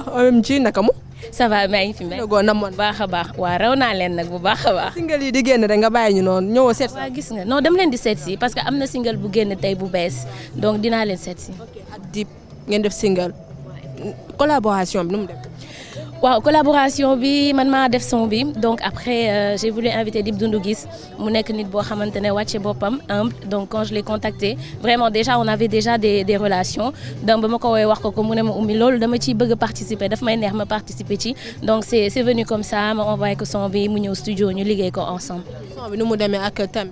baax euh, OMG naka mu. ça va maa ngi fi may. dëggoo na moon baax a baax waaw raw naa leen nag bu baax a baax. single yi di génn rek nga bàyyi ñu noon ñëwoo seet. waaw gis nga non dama leen di seet si parce que am na single bu génn tey bu bees donc dinaa leen seet si. ak Dip ngeen def single. collaboration bi nu mu def. waaw collaboration bi man maa def son bi donc après euh, j'ai voulu inviter Dip Doundou Guiss mu nekk nit boo xamante ne wàcce boppam humble donc quand je l'ai contacté vraiment déjà on avait déjà des des relations donc ba ma ko woowee wax ko ko mu ne ma ummi loolu dama ciy bëgg a participer daf may neex ma participer ci donc c'est c'est venu comme ça ma envoyé ko son bi mu ñëw studio ñu liggéey ko ensemble. son bi nu mu demee ak thème.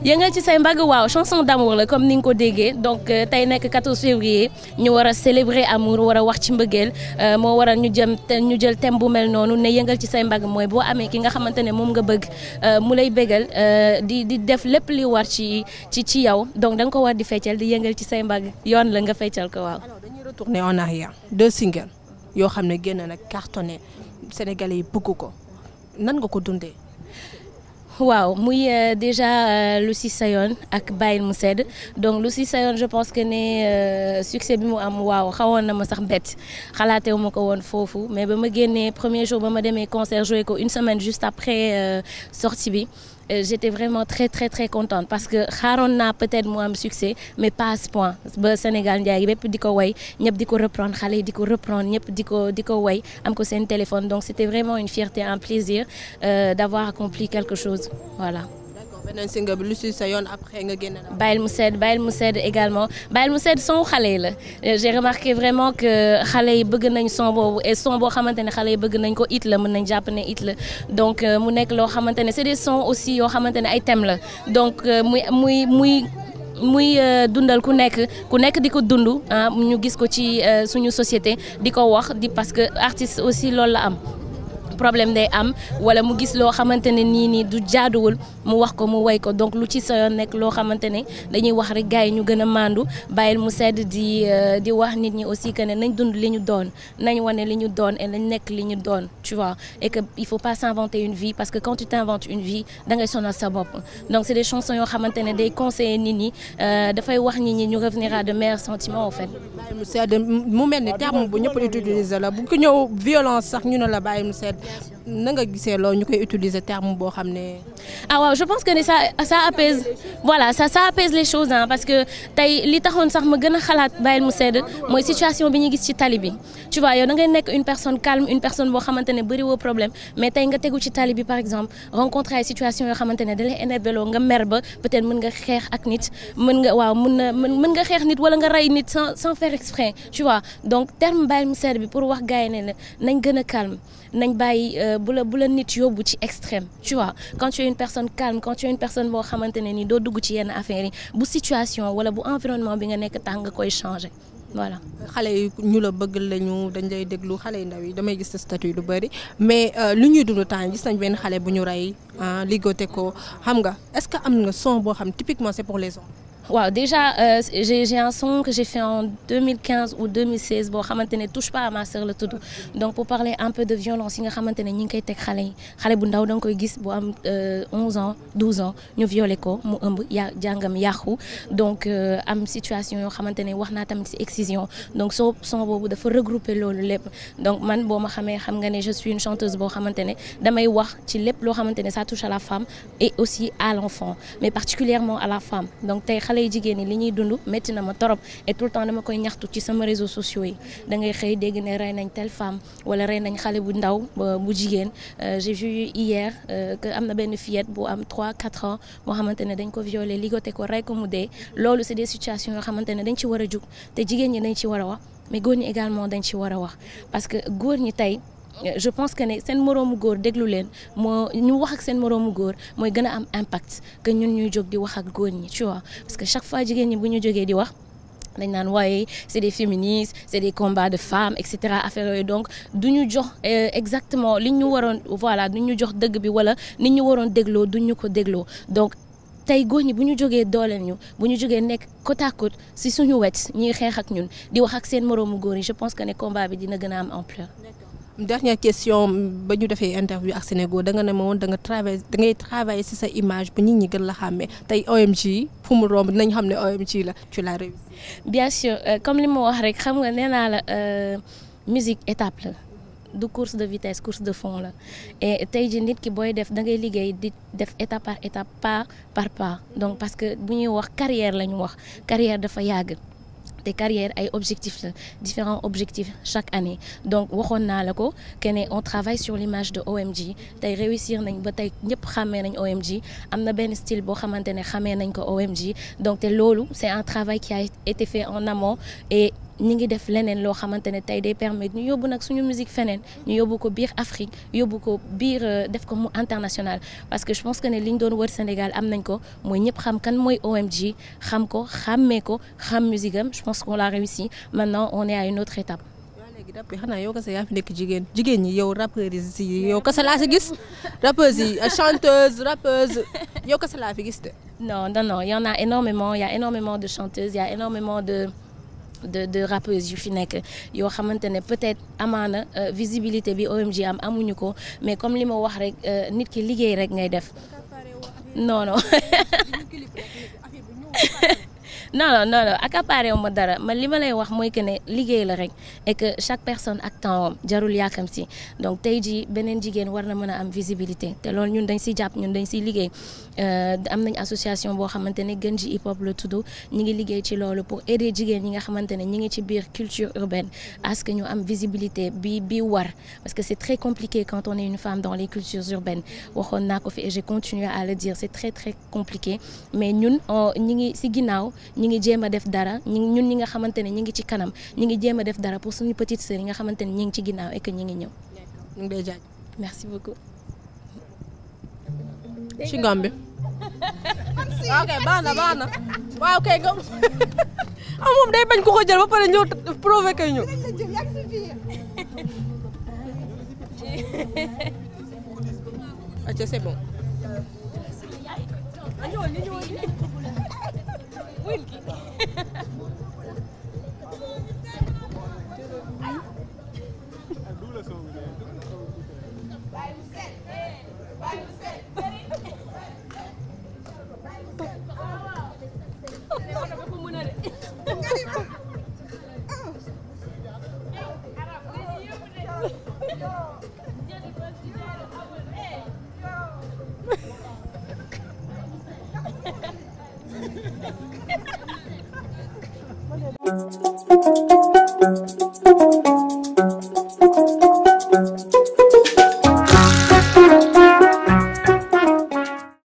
yëngal ci say mbagg waaw chanson d'amour la comme ni nga ko déggee donc euh, tey nekk 14 février ñu war a célébrer amour war a wax ci mbëggeel euh, moo waral ñu jëm ñu jël thème bu mel noonu ne yëngal ci say mbagg mooy boo amee ki nga xamante ne moom nga bëgg euh, mu lay bégal di di def lépp li war ci ci ci yow donc da ko war di feccal di yëngal ci say mbagg yoon la nga feccal ko waaw. alors dañuy retourner en arrière de singles yoo xam ne génn nag cartonné sénégalais yi bëgg ko nan nga ko dundee. waaw muy euh, déjà euh, Lucy Sayon ak bàyyil mu sedd donc Lucy Sayon je pense que ne euh, succès bi mu am waaw xawoon na ma sax bett xalaatewu ma ko woon foofu mais ba ma génnee premier jour ba ma demee concert joué ko une semaine juste après sortie bi Euh, j'étais vraiment très très très contente parce que xaaroon na peut-être mu am succès mais pas à ce point ba Sénégal Ndiaye bépp di ko way ñëpp di ko reprendre xale yi di ko reprendre ñëpp di ko di ko way am ko seen téléphone donc c'était vraiment une fierté un plaisir euh, d'avoir accompli quelque chose voilà beneen single bi sa yoon après nga génn la. bàyyil mu sedd bàyyil mu sedd également bàyyil mu sedd son xale yi la j'ai remarqué vraiment que xale yi bëgg nañ son boobu e son boo xamante ne xale yi bëgg nañ ko it la mën nañ jàpp ne it la donc euh, mu nekk loo xamante ne c'est des sons aussi yoo xamante ne ay thèmes la donc euh, muy muy muy. muy euh, dundal ku nekk ku nekk di ko dund ah, ñu gis ko ci suñu société di ko wax di parce que artiste aussi loolu la am problème day am wala mu gis loo xamante ne nii nii du jaaduwul mu wax ko mu woy ko donc lu ci sa yoon nekk loo xamante ne dañuy wax rek gars yi ñu gën a màndu bàyyil mu sedd di euh, di wax nit ñi aussi que ne dund li ñu doon nañ wane li ñu doon et nekk li ñu doon tu vois que il faut pas s'inventer une vie parce que quand tu t'inventes une vie da ngay sa bopp donc c'est des chansons yoo xamante ne day conseiller nit ñi euh, dafay wax nit ñi ñu revenir à de meilleurs sentiments en fait. mu mel ni terme bu ñëpp utiliser la ñu ne la bàyyi mu Fédération. na nga gisee loolu ñu koy utiliser terme boo xam ne. ah waaw je pense que ne sa ça apaise voilà ça apaise les choses ah parce que tey li taxoon sax ma gën a xalaat bàyyil mu sedd mooy situation bi ñu gis ci tali bi. tu vois yow nekk une personne calme une personne boo xamante ne bëri woo problème mais tey nga tegu ci tali bi par exemple rencontre ay situation yoo xamante ne da lay énervé loo nga mer ba peut-être nga xeex ak nit mën nga waaw mën na mën nga xeex nit wala nga ray nit sans sans faire exprès tu vois donc terme bàyyil bi pour wax gars yi nañ gën a calme nañ euh, bu la bu la nit yóbbu ci extrême tu vois quand tu es une personne calme quand tu une personne boo xamante ne ni doo dugg ci yenn affaires yi bu situation wala bu environnement bi nga nekk tax nga koy changer voilà. xale yi ñu la bëgg lañu dañ lay déglu xale yu ndaw yi damay gis sa statut lu bëri mais euh, lu ñuy dund temps gis nañ benn xale bu ñu rey ah, ligoté ko xam nga est-ce que am nga son boo xam typiquement c'est pour les waaw déjà euh, j'ai j'ai un son que j'ai fait en 2015 ou boo xamante ne touche pas à ma la tudd donc pour parler un peu de violence yi nga xamante ne ñi ngi koy teg xale yi xale bu ndaw da koy gis bu am 11 euh, ans 12 ans ñu violé ko mu ëmb ya jàngam yàqu donc euh, am situation yoo xamante ne wax naa tamit ci excision donc soo son boobu dafa regrouper loolu lépp donc man boo ma xamee xam nga ne je suis une chanteuse boo xamante ne damay wax ci lépp loo xamante ne ça touche à la femme et aussi à l'enfant mais particulièrement à la femme donc tey xale xale yi jigéen ñi li ñuy dund métti na ma torop et tout le temps dama koy ñaxtu ci sama réseaux sociaux yi da ngay xëy dégg ne rey nañ tele femme wala rey nañ xale bu ndaw bu jigéen euh, j'ai vu hier euh, que am na benn fillette bu am 3 4 ans moo xamante ne dañ ko violé ligoté ko rey ko mu dee loolu c'est des situation yoo xamante ne dañ ci war a jug te jigéen ñi dañ ci war a wax mais góor ñi également dañ ci war a wax parce que góor ñi tey Euh, je pense que ne seen moroomu góor déglu leen moo ñu wax ak seen moroomu góor mooy gën a am impact que ñun ñuy jóg di wax ak góor ñi parce que chaque fois jigéen ñi buñu ñu di wax dañ naan waaye c'est des féministes c'est des combats de femmes et cetera affaire yooyu donc du ñu jox euh, exactement li ñu waroon voilà du ñu jox dëgg bi wala ni ñu waroon dégloo du ñu ko dégloo donc tey góor ñi bu ñu jógee dooleel ñu bu ñu jógee nekk côte à côte si suñu wet ñuy xeex ak ñun di wax ak seen moroomu góor yi je pense que ne combat bi dina gën a am ampleur dernière question ba ñu defee interview a Sénégal da nga ne ma woon da nga travailler da ngay travailler sa image bu nit ñi gën la xàmmee tey OMG fu mu romb dinañ xam ne OMG la tu l'as réussi. bien sûr euh, comme li ma wax rek xam nga nee naa la euh, musique étape la. du course de vitesse course de fond la et tey jii nit ki booy def da ngay liggéey di def état par étape par par pas donc parce que bu ñuy wax carrière la ñu wax carrière dafa yàgg. te carrière ay objectifs la différents objectifs chaque année donc waxoon naa la ko kene on travaille sur l'image de OMG tey réussir nañ ba tey ñëpp xàmmee nañ OMG am na benn style boo xamante ne xàmmee nañ ko OMG donc te loolu c'est un travail qui a été fait en amont et ñi ngi def leneen loo xamante ne tey day permettre ñu yóbbu nag suñu musique feneen ñu yóbbu ko biir Afrique yóbbu ko biir euh, def ko mu international parce que je pense que ne li ñu doon wër Sénégal am nañ ko mooy ñëpp xam kan mooy OMG xam ko xàmmee ko xam musique am je pense qu'on l'a réussi maintenant on est à une autre étape. léegi rap bi xanaa yow kese yaa fi jigéen jigéen ñi yow rappeurs yi yow kese si gis rappeurs yi chanteuse gis de. non non non il a énormément ya a énormément de chanteuses il y a énormément de. de de rappeuses yu fi nekk yoo xamante ne peut-être amaana euh, visibilité bi OMG am amuñu ko mais comme li ma wax rek euh, nit ki liggéey rek ngay def non non non non non accaparé wu ma dara man li ma lay wax mooy que ne liggéey la rek et que chaque personne ak temps jarul yaakam si donc tey jii beneen jigéen war na mën a am visibilité te loolu ñun dañ si jàpp ñun dañ siy liggéey euh, am nañ association boo xamante ne gën ji hip hop la tudd ñi ngi liggéey ci loolu pour aider jigéen ñi nga xamante ne ñi ngi ci biir culture urbaine à ce que ñu am visibilité bi bi war parce que c'est très compliqué quand on est une femme dans les cultures urbaines waxoon naa ko fi et j'ai continué à le dire c'est très très compliqué mais ñun ñi ngi si ginnaaw ñu ngi jéem a def dara ñi ñun ñi nga xamante ne ñi ngi ci kanam ñu ngi jéem a def dara pour suñu petite sœur yi nga xamante ne ñi ngi ci ginnaaw et que ngi ñëw. ñu ngi merci beaucoup. ci ah, ñëw mën gi